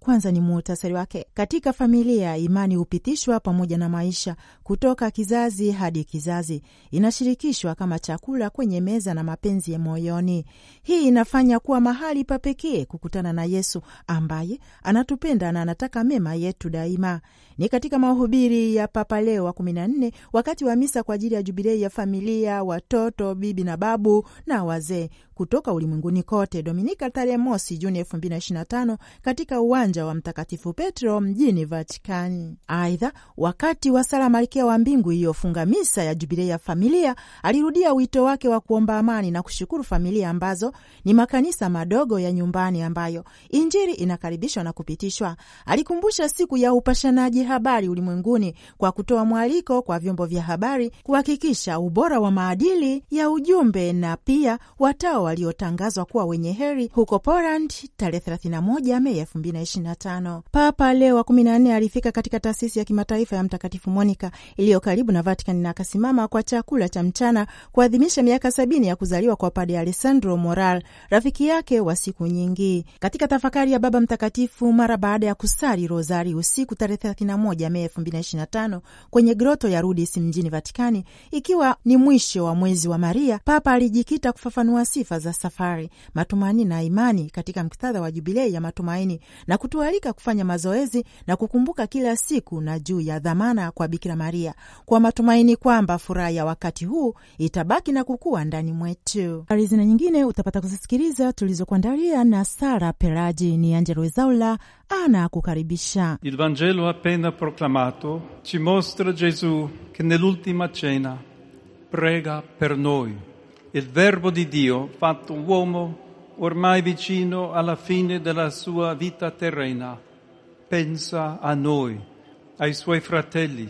kwanza ni muhtasari wake. Katika familia, imani hupitishwa pamoja na maisha kutoka kizazi hadi kizazi, inashirikishwa kama chakula kwenye meza na mapenzi ya moyoni. Hii inafanya kuwa mahali pa pekee kukutana na Yesu ambaye anatupenda na anataka mema yetu daima. Ni katika mahubiri ya Papa Leo wa kumi na nne wakati wa misa kwa ajili ya jubilei ya familia, watoto, bibi na babu na wazee kutoka ulimwenguni kote, Dominika tarehe mosi Juni elfu mbili na na tano katika uwanja wa Mtakatifu Petro mjini Vatikani. Aidha, wakati wa sala Malkia wa Mbingu iliyofunga misa ya jubilei ya familia, alirudia wito wake wa kuomba amani na kushukuru familia ambazo ni makanisa madogo ya nyumbani ambayo injili inakaribishwa na kupitishwa. Alikumbusha siku ya upashanaji habari ulimwenguni kwa kutoa mwaliko kwa vyombo vya habari kuhakikisha ubora wa maadili ya ujumbe na pia watao waliotangazwa kuwa wenye heri huko Poland tarehe 31 Mei 2025. Papa Leo wa 14 alifika katika taasisi ya kimataifa ya Mtakatifu Monica iliyo karibu na Vatican na akasimama kwa chakula cha mchana kuadhimisha miaka sabini ya kuzaliwa kwa Padre Alessandro Moral, rafiki yake wa siku nyingi. Katika tafakari ya Baba Mtakatifu mara baada ya kusali rosari usiku tarehe 31 Mei 2025 kwenye groto ya Rudis mjini Vatikani, ikiwa ni mwisho wa mwezi wa Maria, Papa alijikita kufafanua sifa za safari, matumaini na imani katika muktadha wa Jubilei ya matumaini na kutualika kufanya mazoezi na kukumbuka kila siku na juu ya dhamana kwa Bikira Maria kwa matumaini kwamba furaha ya wakati huu itabaki na kukua ndani mwetu. arizina nyingine utapata kuzisikiliza tulizokuandalia na Sara Peraji. Ni Angelo zaula ana kukaribisha. Il Vangelo appena appena proclamato ci mostra Gesù che nell'ultima cena prega per noi. Il Verbo di Dio, fatto uomo, ormai vicino alla fine della sua vita terrena, pensa a noi, ai suoi fratelli,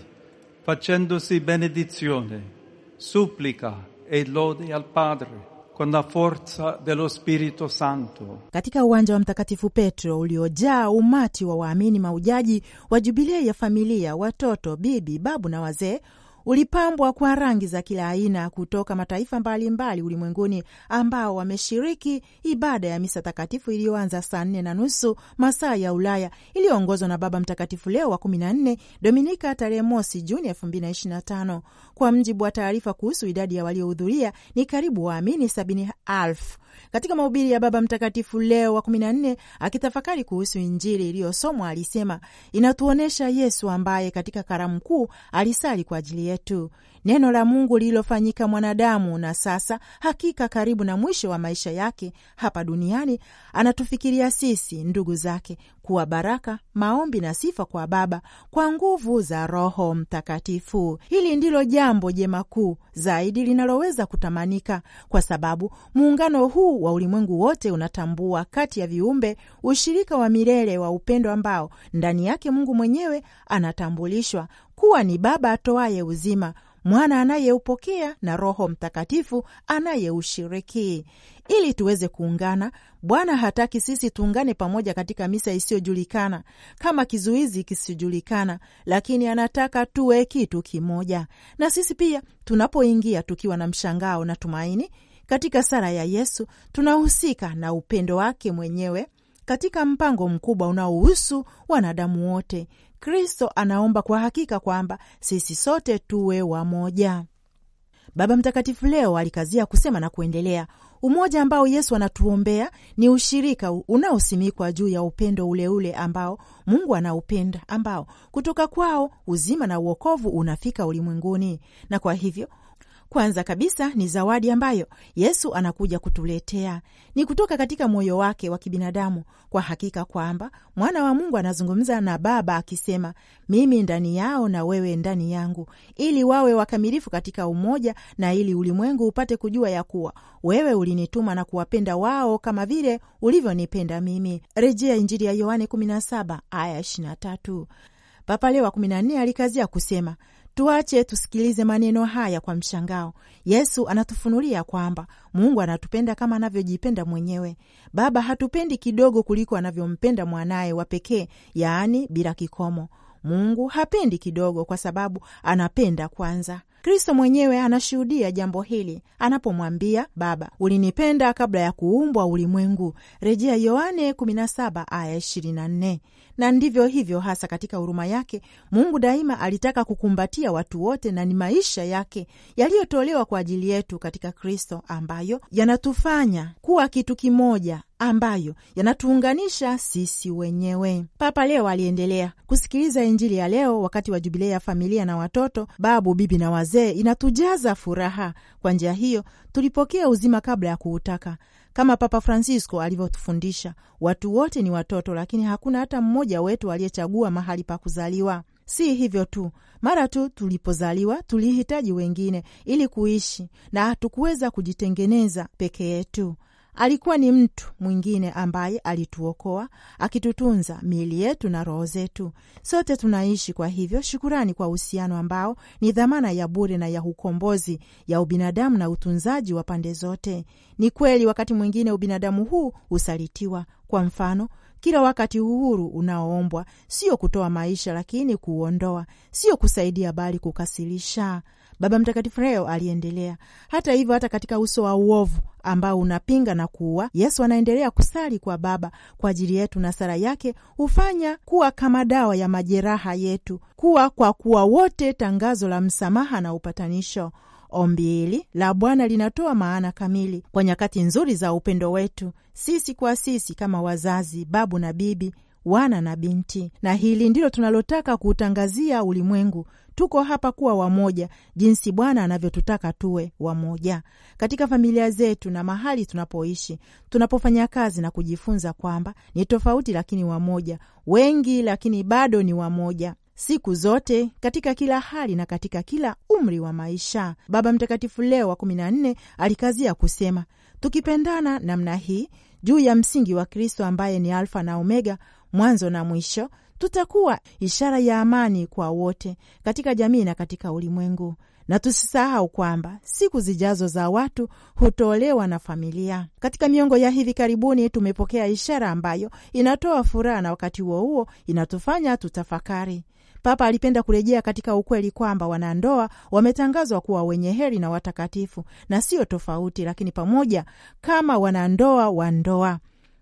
facendosi benedizione, supplica e lode al Padre Con la forza dello Spirito Santo. Katika uwanja wa Mtakatifu Petro uliojaa umati wa waamini maujaji wa jubilei ya familia, watoto, bibi, babu na wazee ulipambwa kwa rangi za kila aina kutoka mataifa mbalimbali ulimwenguni ambao wameshiriki ibada ya misa takatifu iliyoanza saa nne na nusu masaa ya Ulaya, iliyoongozwa na Baba Mtakatifu Leo wa 14 Dominika tarehe mosi Juni 2025. Kwa mjibu wa taarifa kuhusu idadi ya waliohudhuria, ni karibu waamini sabini elfu katika mahubiri ya Baba Mtakatifu Leo wa 14 akitafakari kuhusu Injili iliyosomwa alisema, inatuonyesha Yesu ambaye katika karamu kuu alisali kwa ajili yetu neno la Mungu lililofanyika mwanadamu, na sasa hakika karibu na mwisho wa maisha yake hapa duniani anatufikiria sisi ndugu zake kuwa baraka, maombi na sifa kwa Baba kwa nguvu za Roho Mtakatifu. Hili ndilo jambo jema kuu zaidi linaloweza kutamanika, kwa sababu muungano huu wa ulimwengu wote unatambua kati ya viumbe ushirika wa milele wa upendo ambao ndani yake Mungu mwenyewe anatambulishwa kuwa ni Baba atoaye uzima mwana anayeupokea na Roho Mtakatifu anayeushiriki ili tuweze kuungana. Bwana hataki sisi tuungane pamoja katika misa isiyojulikana kama kizuizi kisichojulikana, lakini anataka tuwe kitu kimoja na sisi pia. Tunapoingia tukiwa na mshangao na tumaini katika sala ya Yesu, tunahusika na upendo wake mwenyewe katika mpango mkubwa unaohusu wanadamu wote Kristo anaomba kwa hakika kwamba sisi sote tuwe wamoja. Baba Mtakatifu leo alikazia kusema na kuendelea, umoja ambao Yesu anatuombea ni ushirika unaosimikwa juu ya upendo uleule ule ambao Mungu anaupenda, ambao kutoka kwao uzima na uokovu unafika ulimwenguni, na kwa hivyo kwanza kabisa ni zawadi ambayo Yesu anakuja kutuletea, ni kutoka katika moyo wake wa kibinadamu, kwa hakika kwamba mwana wa Mungu anazungumza na Baba akisema, mimi ndani yao na wewe ndani yangu, ili wawe wakamilifu katika umoja, na ili ulimwengu upate kujua ya kuwa wewe ulinituma na kuwapenda wao kama vile ulivyonipenda mimi. Rejea Injili ya Yohane 17 aya 23. Papa Leo wa 14 alikazia kusema Tuache tusikilize maneno haya kwa mshangao. Yesu anatufunulia kwamba Mungu anatupenda kama anavyojipenda mwenyewe. Baba hatupendi kidogo kuliko anavyompenda mwanaye wa pekee, yaani bila kikomo. Mungu hapendi kidogo, kwa sababu anapenda kwanza. Kristo mwenyewe anashuhudia jambo hili anapomwambia, Baba, ulinipenda kabla ya kuumbwa ulimwengu, rejea Yohane 17 aya 24 na ndivyo hivyo hasa. Katika huruma yake Mungu daima alitaka kukumbatia watu wote, na ni maisha yake yaliyotolewa kwa ajili yetu katika Kristo ambayo yanatufanya kuwa kitu kimoja ambayo yanatuunganisha sisi wenyewe. Papa leo aliendelea kusikiliza Injili ya leo wakati wa Jubilei ya familia na watoto, babu, bibi na wazee, inatujaza furaha. Kwa njia hiyo tulipokea uzima kabla ya kuutaka, kama Papa Francisco alivyotufundisha, watu wote ni watoto, lakini hakuna hata mmoja wetu aliyechagua mahali pa kuzaliwa. Si hivyo tu, mara tu tulipozaliwa tulihitaji wengine ili kuishi, na hatukuweza kujitengeneza peke yetu alikuwa ni mtu mwingine ambaye alituokoa akitutunza miili yetu na roho zetu. Sote tunaishi kwa hivyo shukurani kwa uhusiano ambao ni dhamana ya bure na ya ukombozi ya ubinadamu na utunzaji wa pande zote. Ni kweli, wakati mwingine ubinadamu huu husalitiwa. Kwa mfano kila wakati uhuru unaoombwa sio kutoa maisha, lakini kuuondoa; sio kusaidia, bali kukasirisha. Baba Mtakatifu Leo aliendelea. Hata hivyo, hata katika uso wa uovu ambao unapinga na kuua, Yesu anaendelea kusali kwa Baba kwa ajili yetu, na sala yake hufanya kuwa kama dawa ya majeraha yetu, kuwa kwa kuwa wote tangazo la msamaha na upatanisho. Ombi hili la Bwana linatoa maana kamili kwa nyakati nzuri za upendo wetu sisi kwa sisi, kama wazazi, babu na bibi wana na binti, na hili ndilo tunalotaka kuutangazia ulimwengu. Tuko hapa kuwa wamoja, jinsi Bwana anavyotutaka tuwe wamoja katika familia zetu na mahali tunapoishi, tunapofanya kazi na kujifunza kwamba ni tofauti lakini wamoja, wengi lakini bado ni wamoja siku zote katika kila hali na katika kila umri wa maisha. Baba Mtakatifu Leo wa kumi na nne alikazia kusema, tukipendana namna hii juu ya msingi wa Kristo ambaye ni Alfa na Omega, mwanzo na mwisho, tutakuwa ishara ya amani kwa wote katika jamii na katika ulimwengu. Na tusisahau kwamba siku zijazo za watu hutolewa na familia. Katika miongo ya hivi karibuni tumepokea ishara ambayo inatoa furaha na wakati huo huo inatufanya tutafakari. Papa alipenda kurejea katika ukweli kwamba wanandoa wametangazwa kuwa wenye heri na watakatifu, na sio tofauti, lakini pamoja kama wanandoa wa ndoa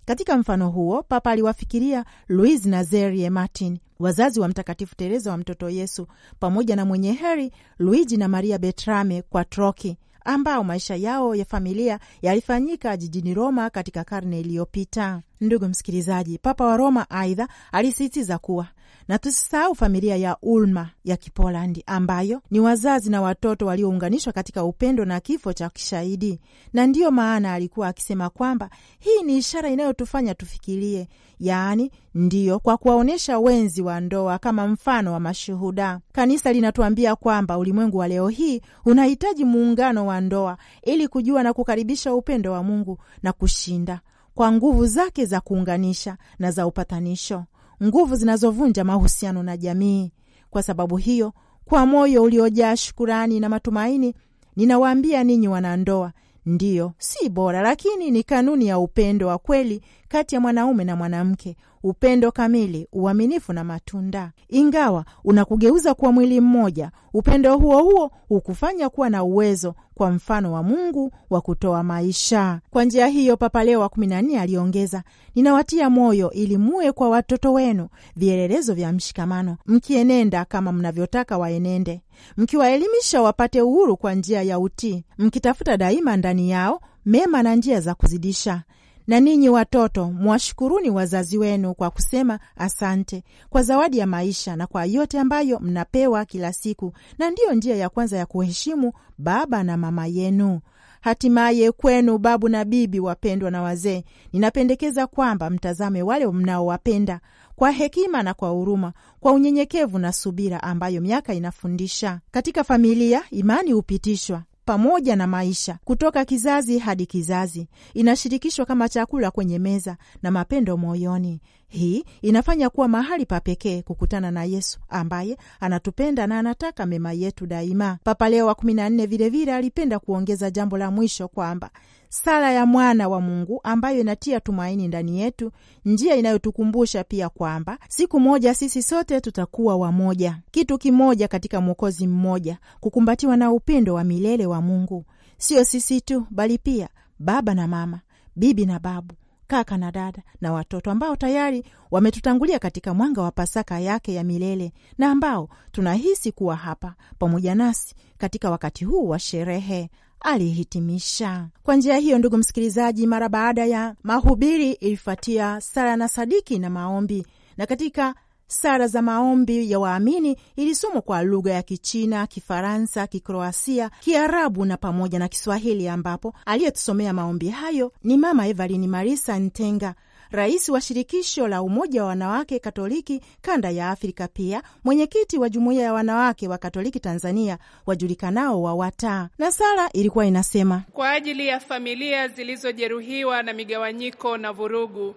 katika mfano huo, Papa aliwafikiria Luis zerie Martin, wazazi wa Mtakatifu Tereza wa mtoto Yesu, pamoja na mwenye heri Luigi na Maria Betrame kwa Troki ambao maisha yao ya familia yalifanyika jijini Roma katika karne iliyopita. Ndugu msikilizaji, Papa wa Roma aidha alisisitiza kuwa na tusisahau familia ya Ulma ya Kipolandi ambayo ni wazazi na watoto waliounganishwa katika upendo na kifo cha kishahidi. Na ndiyo maana alikuwa akisema kwamba hii ni ishara inayotufanya tufikirie, yaani ndiyo kwa kuwaonyesha wenzi wa ndoa kama mfano wa mashuhuda. Kanisa linatuambia kwamba ulimwengu wa leo hii unahitaji muungano wa ndoa ili kujua na kukaribisha upendo wa Mungu na kushinda kwa nguvu zake za kuunganisha na za upatanisho nguvu zinazovunja mahusiano na jamii. Kwa sababu hiyo, kwa moyo uliojaa shukurani na matumaini, ninawaambia ninyi wanandoa, ndiyo si bora, lakini ni kanuni ya upendo wa kweli kati ya mwanaume na mwanamke, upendo kamili, uaminifu na matunda. Ingawa unakugeuza kuwa mwili mmoja, upendo huo huo hukufanya kuwa na uwezo kwa mfano wa Mungu wa kutoa maisha. Kwa njia hiyo, Papa Leo wa 14 aliongeza, ninawatia moyo ili muwe kwa watoto wenu vielelezo vya mshikamano, mkienenda kama mnavyotaka waenende, mkiwaelimisha wapate uhuru kwa njia ya utii, mkitafuta daima ndani yao mema na njia za kuzidisha na ninyi watoto, mwashukuruni wazazi wenu kwa kusema asante kwa zawadi ya maisha na kwa yote ambayo mnapewa kila siku, na ndiyo njia ya kwanza ya kuheshimu baba na mama yenu. Hatimaye kwenu babu na bibi wapendwa na wazee, ninapendekeza kwamba mtazame wale mnaowapenda kwa hekima na kwa huruma, kwa unyenyekevu na subira ambayo miaka inafundisha. Katika familia imani hupitishwa pamoja na maisha kutoka kizazi hadi kizazi, inashirikishwa kama chakula kwenye meza na mapendo moyoni. Hii inafanya kuwa mahali pa pekee kukutana na Yesu ambaye anatupenda na anataka mema yetu daima. Papa Leo wa kumi na nne vilevile alipenda kuongeza jambo la mwisho kwamba sala ya mwana wa Mungu ambayo inatia tumaini ndani yetu, njia inayotukumbusha pia kwamba siku moja sisi sote tutakuwa wamoja, kitu kimoja katika Mwokozi mmoja, kukumbatiwa na upendo wa milele wa Mungu, sio sisi tu, bali pia baba na mama, bibi na babu kaka na dada na watoto ambao tayari wametutangulia katika mwanga wa Pasaka yake ya milele na ambao tunahisi kuwa hapa pamoja nasi katika wakati huu wa sherehe, alihitimisha. Kwa njia hiyo, ndugu msikilizaji, mara baada ya mahubiri ilifuatia sala na sadiki na maombi, na katika Sala za maombi ya waamini ilisomwa kwa lugha ya Kichina, Kifaransa, Kikroasia, Kiarabu na pamoja na Kiswahili, ambapo aliyetusomea maombi hayo ni Mama Evalini Marisa Ntenga, rais wa shirikisho la umoja wa wanawake Katoliki kanda ya Afrika, pia mwenyekiti wa jumuiya ya wanawake wa Katoliki Tanzania wajulikanao wa Wataa. Na sala ilikuwa inasema: kwa ajili ya familia zilizojeruhiwa na migawanyiko na vurugu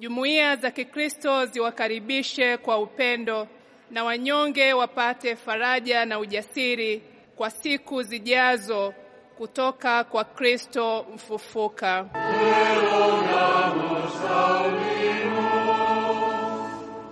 Jumuiya za Kikristo ziwakaribishe kwa upendo na wanyonge wapate faraja na ujasiri kwa siku zijazo kutoka kwa Kristo mfufuka.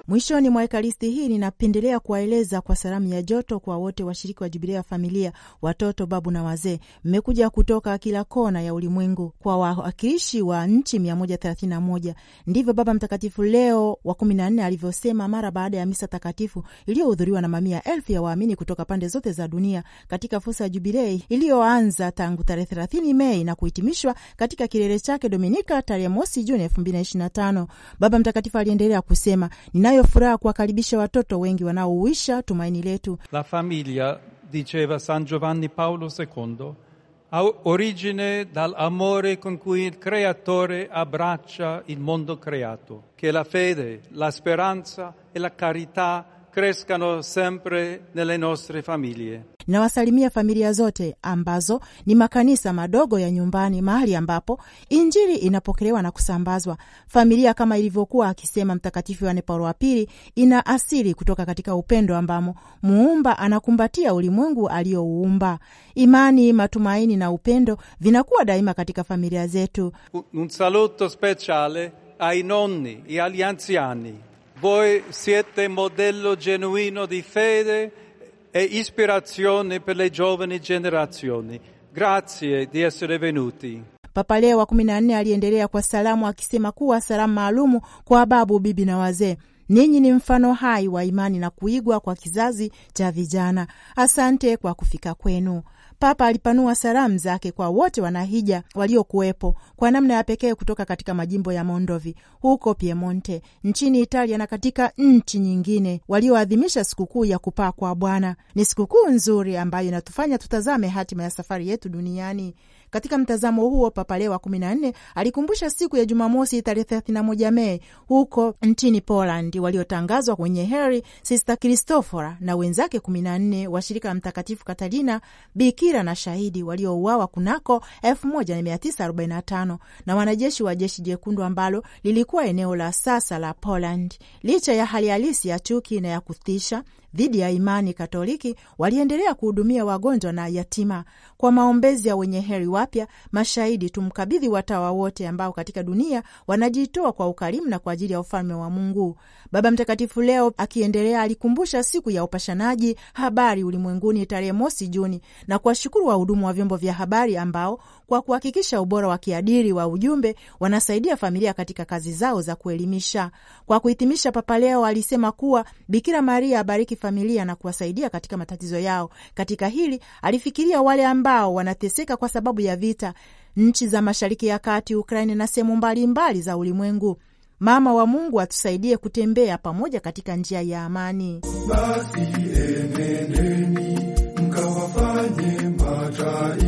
Mwishoni mwa ekaristi hii ninapendelea kuwaeleza kwa salamu ya joto kwa wote washiriki wa jubilia ya familia, watoto, babu na wazee. Mmekuja kutoka kila kona ya ulimwengu kwa wawakilishi wa nchi 131. Ndivyo Baba Mtakatifu Leo wa 14 alivyosema mara baada ya misa takatifu iliyohudhuriwa na mamia elfu ya waamini kutoka pande zote za dunia katika fursa ya jubilei iliyoanza tangu tarehe 30 Mei na kuhitimishwa katika kilele chake Dominika tarehe mosi Juni 2025. Baba Mtakatifu aliendelea kusema ninayo tunayo furaha kuwakaribisha watoto wengi wanaouisha tumaini letu. La famiglia, diceva San Giovanni Paolo II, ha origine dall'amore con cui il Creatore abbraccia il mondo creato. Che la fede, la speranza e la carità crescano sempre nelle nostre famiglie. Nawasalimia familia zote ambazo ni makanisa madogo ya nyumbani, mahali ambapo Injili inapokelewa na kusambazwa. Familia kama ilivyokuwa akisema Mtakatifu Yohane Paulo wa Pili, ina asili kutoka katika upendo ambamo muumba anakumbatia ulimwengu aliyouumba. Imani, matumaini na upendo vinakuwa daima katika familia zetu. Un saluto speciale ai nonni e agli anziani voi siete modello genuino di fede e ispirazione per le giovani generazioni. Grazie di essere venuti. Papa Leo wa kumi na nne aliendelea kwa salamu akisema kuwa salamu maalumu kwa babu, bibi na wazee Ninyi ni mfano hai wa imani na kuigwa kwa kizazi cha vijana. Asante kwa kufika kwenu. Papa alipanua salamu zake kwa wote wanahija waliokuwepo kwa namna ya pekee kutoka katika majimbo ya Mondovi huko Piemonte nchini Italia na katika nchi nyingine, walioadhimisha sikukuu ya kupaa kwa Bwana. Ni sikukuu nzuri ambayo inatufanya tutazame hatima ya safari yetu duniani katika mtazamo huo, Papa Leo wa 14 alikumbusha siku ya Jumamosi tarehe 31 Mei huko nchini Poland waliotangazwa wenye heri sister Kristofora na wenzake 14 wa shirika la Mtakatifu Katarina, bikira na shahidi waliouawa kunako 1945 na wanajeshi wa jeshi jekundu ambalo lilikuwa eneo la sasa la Poland, licha ya hali halisi ya chuki na ya kutisha dhidi ya imani Katoliki waliendelea kuhudumia wagonjwa na yatima. Kwa maombezi ya wenye heri wapya mashahidi, tumkabidhi watawa wote ambao katika dunia wanajitoa kwa ukarimu na kwa ajili ya ufalme wa Mungu. Baba Mtakatifu leo akiendelea alikumbusha siku ya upashanaji habari ulimwenguni tarehe mosi Juni na kuwashukuru wahudumu wa vyombo vya habari ambao kwa kuhakikisha ubora wa kiadili wa ujumbe wanasaidia familia katika kazi zao za kuelimisha. Kwa kuhitimisha, Papa leo alisema kuwa Bikira Maria abariki familia na kuwasaidia katika matatizo yao. Katika hili alifikiria wale ambao wanateseka kwa sababu ya vita, nchi za Mashariki ya Kati, Ukraini na sehemu mbalimbali za ulimwengu. Mama wa Mungu atusaidie kutembea pamoja katika njia ya amani. Basi enendeni mkawafanye mataifa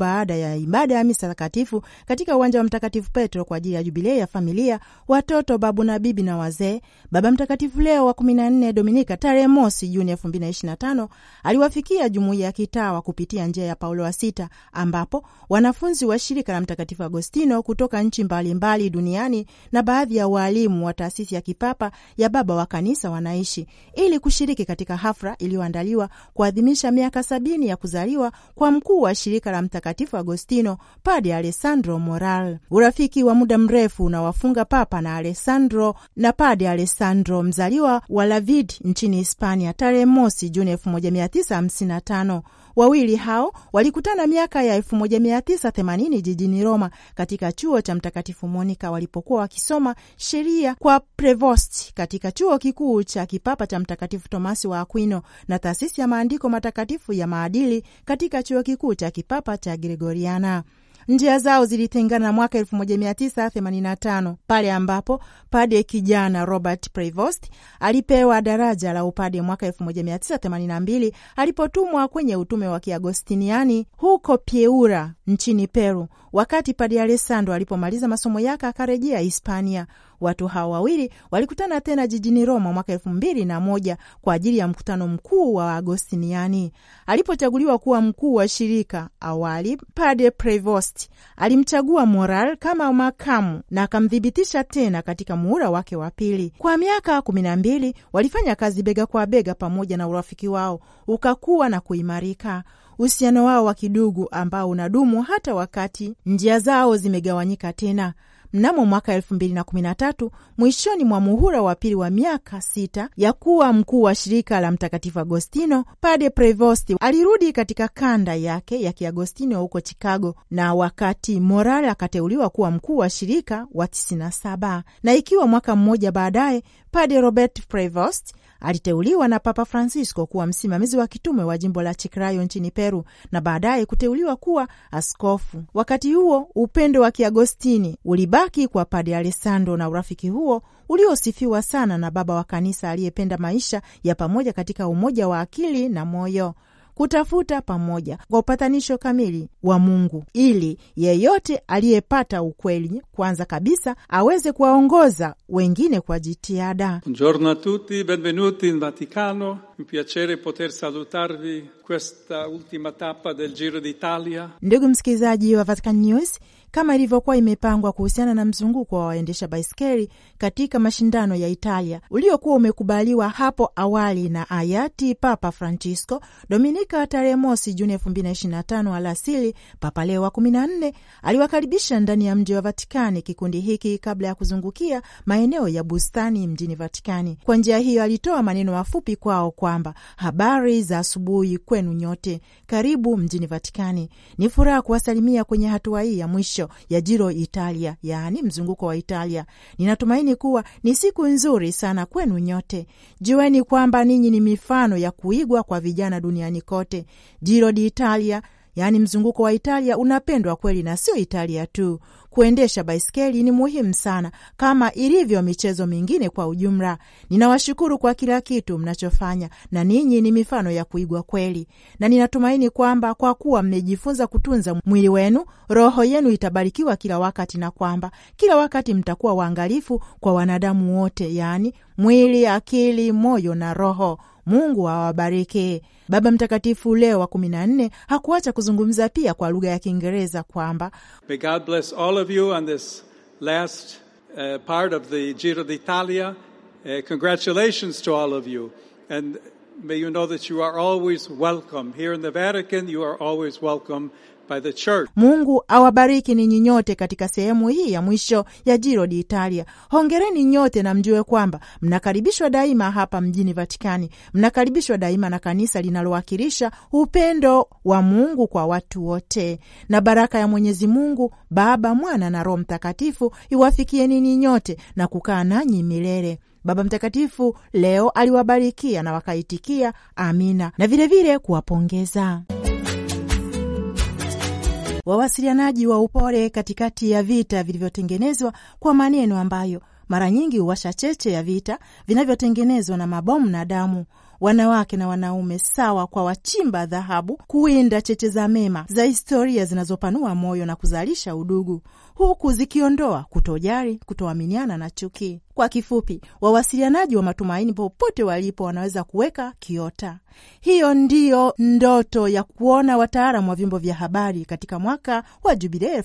baada ya ibada ya misa takatifu katika uwanja wa Mtakatifu Petro kwa ajili ya jubilei ya familia, watoto, babu na bibi na wazee, Baba Mtakatifu Leo wa 14 Dominika tarehe mosi Juni 2025 aliwafikia jumuiya ya kitawa kupitia njia ya Paulo wa Sita, ambapo wanafunzi wa shirika la Mtakatifu Agostino kutoka nchi mbalimbali mbali duniani na baadhi ya waalimu wa taasisi ya kipapa ya Baba wa Kanisa wanaishi ili kushiriki katika hafla iliyoandaliwa kuadhimisha miaka sabini ya kuzaliwa kwa mkuu wa shirika la Mtakatifu Mtakatifu Agostino, Pade Alessandro Moral. Urafiki wa muda mrefu unawafunga Papa na Alessandro na Pade Alessandro, mzaliwa wa Lavid nchini Hispania, tarehe mosi Juni 1955 Wawili hao walikutana miaka ya 1980 jijini Roma katika chuo cha Mtakatifu Monika walipokuwa wakisoma sheria kwa Prevost katika chuo kikuu cha kipapa cha Mtakatifu Tomasi wa Aquino na taasisi ya maandiko matakatifu ya maadili katika chuo kikuu cha kipapa cha Gregoriana. Njia zao zilitengana mwaka 1985 pale ambapo pade kijana Robert Prevost alipewa daraja la upade mwaka 1982 alipotumwa kwenye utume wa Kiagostiniani huko Pieura nchini Peru, wakati pade Alessandro alipomaliza masomo yake akarejea Hispania. Watu hao wawili walikutana tena jijini Roma mwaka elfu mbili na moja kwa ajili ya mkutano mkuu wa Agostiniani. Alipochaguliwa kuwa mkuu wa shirika, awali Padre Prevost alimchagua Moral kama makamu na akamthibitisha tena katika muhula wake wa pili. Kwa miaka kumi na mbili walifanya kazi bega kwa bega pamoja, na urafiki wao ukakuwa na kuimarika uhusiano wao wa kidugu ambao unadumu hata wakati njia zao zimegawanyika tena. Mnamo mwaka elfu mbili na kumi na tatu, mwishoni mwa muhula wa pili wa miaka sita ya kuwa mkuu wa shirika la Mtakatifu Agostino, Pade Prevosti alirudi katika kanda yake ya Kiagostino huko Chicago, na wakati Moral akateuliwa kuwa mkuu wa shirika wa 97 na ikiwa mwaka mmoja baadaye Pade Robert Prevost Aliteuliwa na Papa Francisco kuwa msimamizi wa kitume wa jimbo la Chiclayo nchini Peru na baadaye kuteuliwa kuwa askofu. Wakati huo upendo wa Kiagostini ulibaki kwa Padre Alessandro na urafiki huo uliosifiwa sana na Baba wa Kanisa aliyependa maisha ya pamoja katika umoja wa akili na moyo kutafuta pamoja kwa upatanisho kamili wa Mungu, ili yeyote aliyepata ukweli kwanza kabisa aweze kuwaongoza wengine kwa jitihada. Buongiorno a tutti benvenuti in Vaticano Un piacere poter salutarvi questa ultima tappa del Giro d'Italia. Ndugu msikilizaji wa Vatican News, kama ilivyokuwa imepangwa kuhusiana na mzunguko wa waendesha baiskeli katika mashindano ya Italia uliokuwa umekubaliwa hapo awali na hayati Papa Francisco Dominika tarehe mosi Juni 2025 alasili, Papa Leo wa 14 aliwakaribisha ndani ya mji wa Vatikani kikundi hiki kabla ya kuzungukia maeneo ya bustani mjini Vatikani. Kwa njia hiyo alitoa maneno mafupi kwao kwa kwamba habari za asubuhi kwenu nyote. Karibu mjini Vatikani. Ni furaha kuwasalimia kwenye hatua hii ya mwisho ya Jiro Italia, yaani mzunguko wa Italia. Ninatumaini kuwa ni siku nzuri sana kwenu nyote. Jueni kwamba ninyi ni mifano ya kuigwa kwa vijana duniani kote. Jiro di Italia yaani mzunguko wa Italia unapendwa kweli, na sio Italia tu. Kuendesha baiskeli ni muhimu sana kama ilivyo michezo mingine kwa ujumla. Ninawashukuru kwa kila kitu mnachofanya, na ninyi ni mifano ya kuigwa kweli, na ninatumaini kwamba kwa kuwa mmejifunza kutunza mwili wenu, roho yenu itabarikiwa kila wakati, na kwamba kila wakati mtakuwa waangalifu kwa wanadamu wote, yaani mwili, akili, moyo na roho Mungu awabariki. Baba Mtakatifu Leo wa hakuacha kuzungumza pia kwa lugha ya Kiingereza kwamba May God bless all of you on this last uh, part of the Giro d'Italia. Uh, congratulations to all of you and may you know that you are always welcome here in the Vatican. You are always welcome by the church. Mungu awabariki ninyi nyote katika sehemu hii ya mwisho ya Giro d'Italia. Hongereni nyote na mjue kwamba mnakaribishwa daima hapa mjini Vatikani, mnakaribishwa daima na kanisa linalowakilisha upendo wa Mungu kwa watu wote, na baraka ya Mwenyezi Mungu Baba, Mwana na Roho Mtakatifu iwafikie ninyi nyote na kukaa nanyi milele. Baba Mtakatifu leo aliwabarikia na wakaitikia amina, na vilevile kuwapongeza wawasilianaji wa upole katikati ya vita vilivyotengenezwa kwa maneno ambayo mara nyingi huwasha cheche ya vita vinavyotengenezwa na mabomu na damu. Wanawake na wanaume sawa kwa wachimba dhahabu, kuwinda cheche za mema za historia zinazopanua moyo na kuzalisha udugu huku zikiondoa kutojali, kutoaminiana na chuki. Kwa kifupi, wawasilianaji wa matumaini popote walipo wanaweza kuweka kiota. Hiyo ndiyo ndoto ya kuona wataalamu wa vyombo vya habari katika mwaka wa Jubilei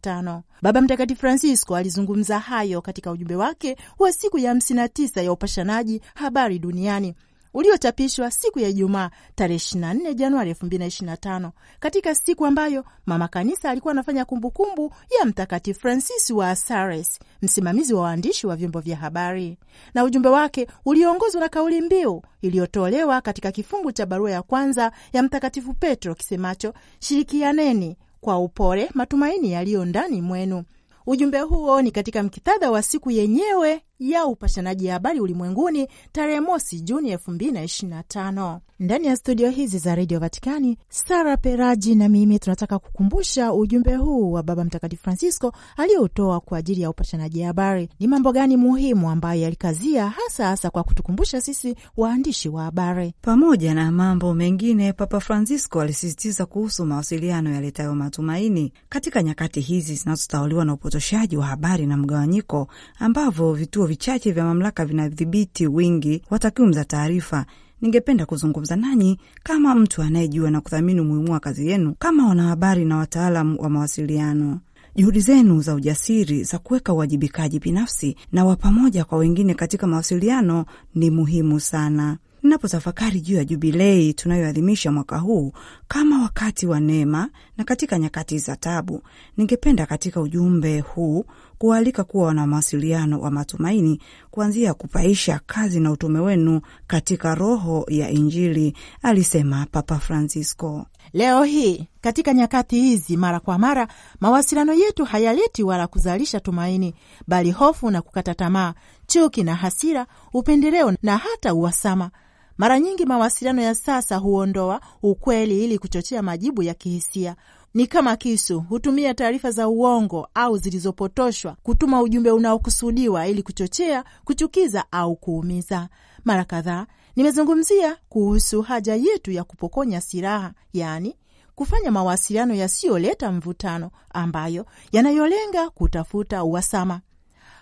tano. Baba Mtakatifu Francisco alizungumza hayo katika ujumbe wake wa siku ya 59 ya upashanaji habari duniani uliochapishwa siku ya Ijumaa tarehe 24 Januari 2025 katika siku ambayo mama kanisa alikuwa anafanya kumbukumbu ya Mtakatifu Francis wa asares msimamizi wa waandishi wa vyombo vya habari, na ujumbe wake uliongozwa na kauli mbiu iliyotolewa katika kifungu cha barua ya kwanza ya Mtakatifu Petro kisemacho shirikianeni kwa upole matumaini yaliyo ndani mwenu. Ujumbe huo ni katika mkitadha wa siku yenyewe ya upashanaji habari ulimwenguni tarehe mosi Juni elfu mbili na tano Ndani ya studio hizi za redio Vatikani, Sara Peraji na mimi tunataka kukumbusha ujumbe huu wa Baba Mtakatifu Francisco aliyoutoa kwa ajili ya upashanaji habari. Ni mambo gani muhimu ambayo yalikazia hasa hasa kwa kutukumbusha sisi waandishi wa habari? Pamoja na mambo mengine, Papa Francisco alisisitiza kuhusu mawasiliano yaletayo matumaini katika nyakati hizi zinazotawaliwa na upotoshaji wa habari na mgawanyiko ambavyo vituo vituo vichache vya mamlaka vinadhibiti wingi wa takwimu za taarifa. Ningependa kuzungumza nanyi kama mtu anayejua na kuthamini umuhimu wa kazi yenu kama wanahabari na wataalam wa mawasiliano. Juhudi zenu za ujasiri za kuweka uwajibikaji binafsi na wa pamoja kwa wengine katika mawasiliano ni muhimu sana. Ninapotafakari juu ya jubilei tunayoadhimisha mwaka huu kama wakati wa neema na katika nyakati za tabu, ningependa katika ujumbe huu kualika kuwa na mawasiliano wa matumaini, kuanzia kupaisha kazi na utume wenu katika roho ya Injili, alisema Papa Francisco. Leo hii katika nyakati hizi, mara kwa mara mawasiliano yetu hayaleti wala kuzalisha tumaini, bali hofu na kukata tamaa, chuki na hasira, upendeleo na hata uhasama mara nyingi mawasiliano ya sasa huondoa ukweli ili kuchochea majibu ya kihisia. Ni kama kisu, hutumia taarifa za uongo au zilizopotoshwa kutuma ujumbe unaokusudiwa ili kuchochea, kuchukiza au kuumiza. Mara kadhaa nimezungumzia kuhusu haja yetu ya kupokonya silaha, yaani kufanya mawasiliano yasiyoleta mvutano, ambayo yanayolenga kutafuta uhasama.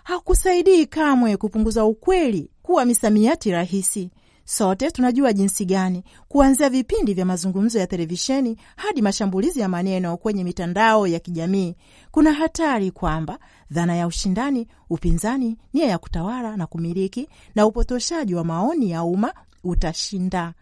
Hakusaidii kamwe kupunguza ukweli kuwa misamiati rahisi. Sote tunajua jinsi gani kuanzia vipindi vya mazungumzo ya televisheni hadi mashambulizi ya maneno kwenye mitandao ya kijamii, kuna hatari kwamba dhana ya ushindani, upinzani, nia ya kutawala na kumiliki, na upotoshaji wa maoni ya umma utashinda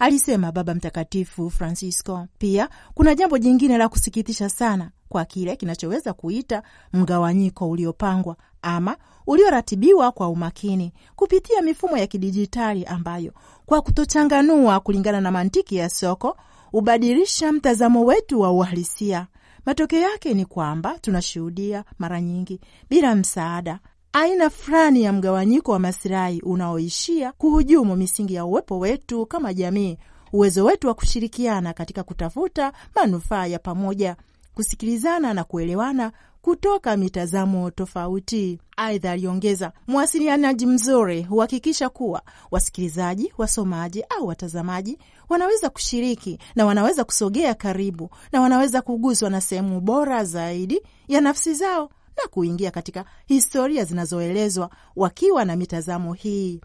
alisema Baba Mtakatifu Francisco. Pia kuna jambo jingine la kusikitisha sana kwa kile kinachoweza kuita mgawanyiko uliopangwa ama ulioratibiwa kwa umakini kupitia mifumo ya kidijitali ambayo kwa kutochanganua kulingana na mantiki ya soko hubadilisha mtazamo wetu wa uhalisia. Matokeo yake ni kwamba tunashuhudia mara nyingi, bila msaada aina fulani ya mgawanyiko wa masilahi unaoishia kuhujumu misingi ya uwepo wetu kama jamii, uwezo wetu wa kushirikiana katika kutafuta manufaa ya pamoja, kusikilizana na kuelewana kutoka mitazamo tofauti. Aidha, aliongeza, mwasilianaji mzuri huhakikisha kuwa wasikilizaji, wasomaji au watazamaji wanaweza kushiriki na wanaweza kusogea karibu na wanaweza kuguswa na sehemu bora zaidi ya nafsi zao na kuingia katika historia zinazoelezwa wakiwa na mitazamo hii.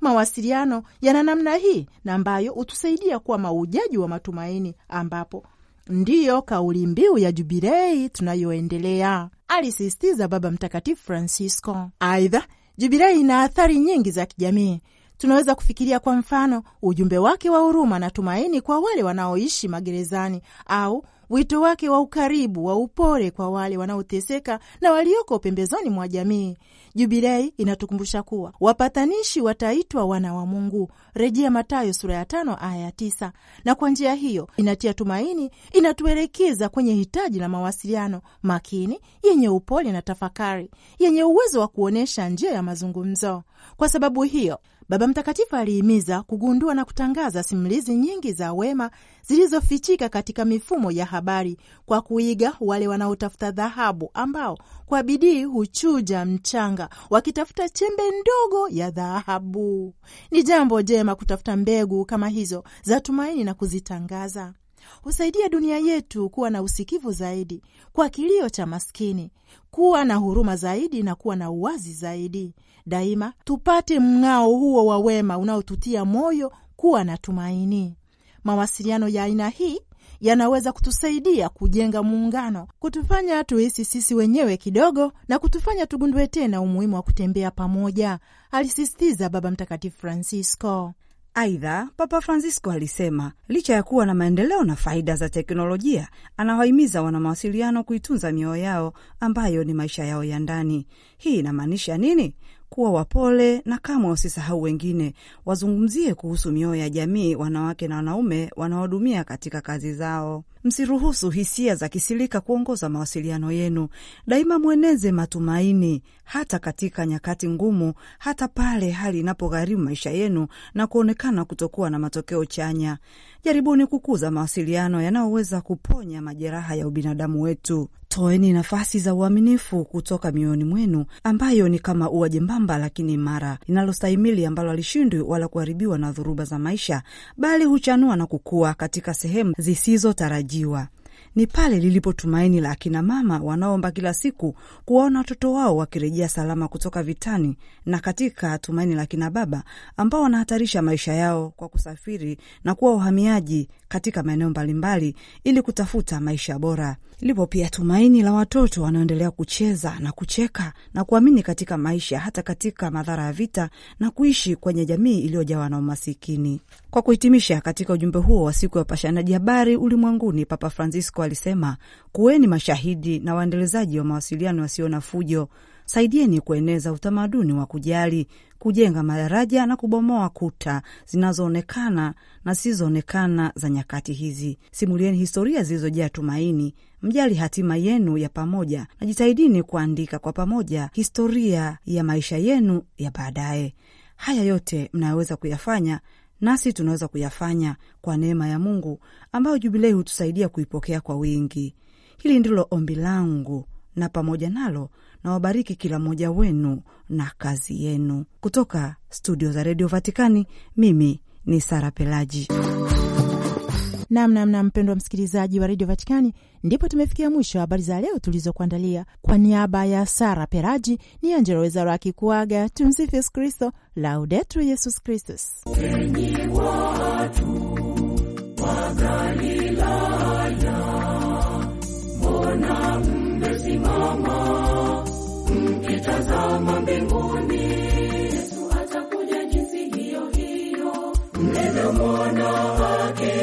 Mawasiliano yana namna hii na ambayo hutusaidia kuwa maujaji wa matumaini, ambapo ndiyo kauli mbiu ya jubilei tunayoendelea, alisisitiza Baba Mtakatifu Francisco. Aidha, jubilei ina athari nyingi za kijamii. Tunaweza kufikiria kwa mfano ujumbe wake wa huruma na tumaini kwa wale wanaoishi magerezani au wito wake wa ukaribu wa upole kwa wale wanaoteseka na walioko pembezoni mwa jamii. Jubilei inatukumbusha kuwa wapatanishi wataitwa wana wa Mungu, rejea Mathayo sura ya tano aya ya tisa. Na kwa njia hiyo inatia tumaini, inatuelekeza kwenye hitaji la mawasiliano makini yenye upole na tafakari, yenye uwezo wa kuonyesha njia ya mazungumzo. Kwa sababu hiyo Baba Mtakatifu alihimiza kugundua na kutangaza simulizi nyingi za wema zilizofichika katika mifumo ya habari kwa kuiga wale wanaotafuta dhahabu ambao kwa bidii huchuja mchanga wakitafuta chembe ndogo ya dhahabu. Ni jambo jema kutafuta mbegu kama hizo za tumaini na kuzitangaza husaidia dunia yetu kuwa na usikivu zaidi kwa kilio cha maskini, kuwa na huruma zaidi na kuwa na uwazi zaidi daima tupate mng'ao huo wa wema unaotutia moyo kuwa na tumaini. Mawasiliano ya aina hii yanaweza kutusaidia kujenga muungano, kutufanya tuhisi sisi wenyewe kidogo na kutufanya tugundue tena umuhimu wa kutembea pamoja, alisisitiza Baba Mtakatifu Francisco. Aidha, Papa Francisco alisema licha ya kuwa na maendeleo na faida za teknolojia, anawahimiza wanamawasiliano kuitunza mioyo yao ambayo ni maisha yao ya ndani. Hii inamaanisha nini? kuwa wapole na kamwe wasisahau wengine, wazungumzie kuhusu mioyo ya jamii wanawake na wanaume wanaodumia katika kazi zao. Msiruhusu hisia za kisilika kuongoza mawasiliano yenu. Daima mweneze matumaini, hata katika nyakati ngumu, hata pale hali inapogharimu maisha yenu na kuonekana kutokuwa na matokeo chanya. Jaribuni kukuza mawasiliano yanayoweza kuponya majeraha ya ubinadamu wetu. Toeni nafasi za uaminifu kutoka mioyoni mwenu, ambayo ni kama ua jembamba lakini imara, linalostahimili ambalo halishindwi wala kuharibiwa na dhuruba za maisha, bali huchanua na kukua katika sehemu zisizotarajiwa tarajiwa. Ni pale lilipo tumaini la akina mama wanaoomba kila siku kuwaona watoto wao wakirejea salama kutoka vitani, na katika tumaini la akina baba ambao wanahatarisha maisha yao kwa kusafiri na kuwa uhamiaji katika maeneo mbalimbali ili kutafuta maisha bora. Lipo pia tumaini la watoto wanaoendelea kucheza na kucheka na kuamini katika maisha hata katika madhara ya vita na kuishi kwenye jamii iliyojawa na umasikini. Kwa kuhitimisha, katika ujumbe huo wa siku ya upashanaji habari ulimwenguni, Papa Francisco alisema, kuweni mashahidi na waendelezaji wa mawasiliano yasiyo na fujo, saidieni kueneza utamaduni wa kujali kujenga madaraja na kubomoa kuta zinazoonekana na zisizoonekana za nyakati hizi. Simulieni historia zilizojaa tumaini, mjali hatima yenu ya pamoja, na jitahidini kuandika kwa pamoja historia ya maisha yenu ya baadaye. Haya yote mnayoweza kuyafanya nasi tunaweza kuyafanya kwa neema ya Mungu ambayo Jubilei hutusaidia kuipokea kwa wingi. Hili ndilo ombi langu, na pamoja nalo na wabariki kila mmoja wenu na kazi yenu. Kutoka studio za redio Vatikani, mimi ni Sara Pelaji. Namnamna mpendwa msikilizaji wa redio Vatikani, ndipo tumefikia mwisho wa habari za leo tulizokuandalia. Kwa niaba ya Sara Peraji ni anjero Wezaro akikuaga. Tumsifu Yesu Kristo, Laudetur Yesus Kristus. Enyi watu wa Galilaya, mbona kama mbinguni. Yesu atakuja jinsi hiyo hiyo, mlivyomwona wake